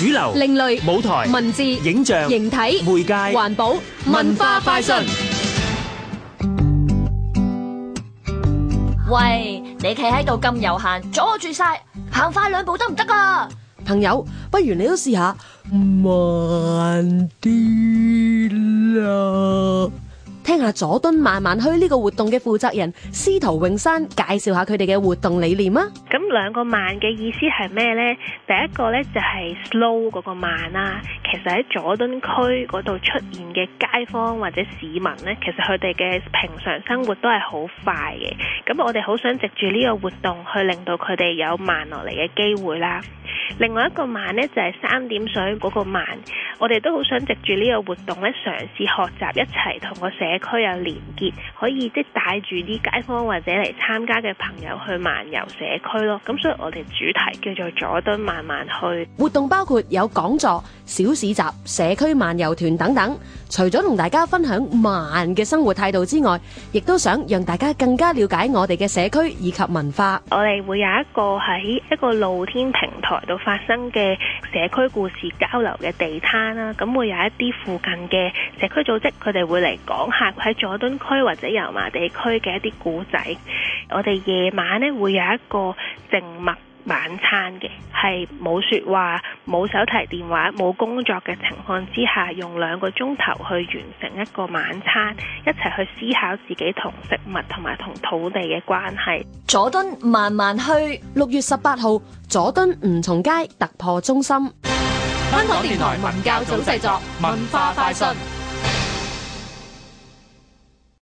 主流、另類、舞台、文字、影像、形體、媒介、環保、文化快訊。喂，你企喺度咁悠閒，阻住晒，行快兩步得唔得啊？朋友，不如你都試下，慢啲啦。下佐敦慢慢去呢個活動嘅負責人司徒永山介紹下佢哋嘅活動理念啊！咁兩個慢嘅意思係咩呢？第一個呢就係 slow 嗰個慢啦。其實喺佐敦區嗰度出現嘅街坊或者市民呢，其實佢哋嘅平常生活都係好快嘅。咁我哋好想藉住呢個活動去令到佢哋有慢落嚟嘅機會啦。另外一個慢呢，就係三點水嗰個慢。我哋都好想藉住呢個活動咧，嘗試學習一齊同個社區有連結，可以即係帶住啲街坊或者嚟參加嘅朋友去漫遊社區咯。咁所以我哋主題叫做佐敦慢慢去。活動包括有講座、小市集、社區漫遊團等等，除咗同大家分享慢嘅生活態度之外，亦都想讓大家更加了解我哋嘅社區以及文化。我哋會有一個喺一個露天平台度發生嘅社區故事交流嘅地攤啦，咁會有一啲附近嘅社區組織，佢哋會嚟講下喺佐敦區或者油麻地區嘅一啲古仔。我哋夜晚呢會有一個靜默。晚餐嘅係冇說話、冇手提電話、冇工作嘅情況之下，用兩個鐘頭去完成一個晚餐，一齊去思考自己同食物同埋同土地嘅關係。佐敦慢慢去，六月十八號，佐敦吳松街突破中心。香港電台文教組製作文化快訊。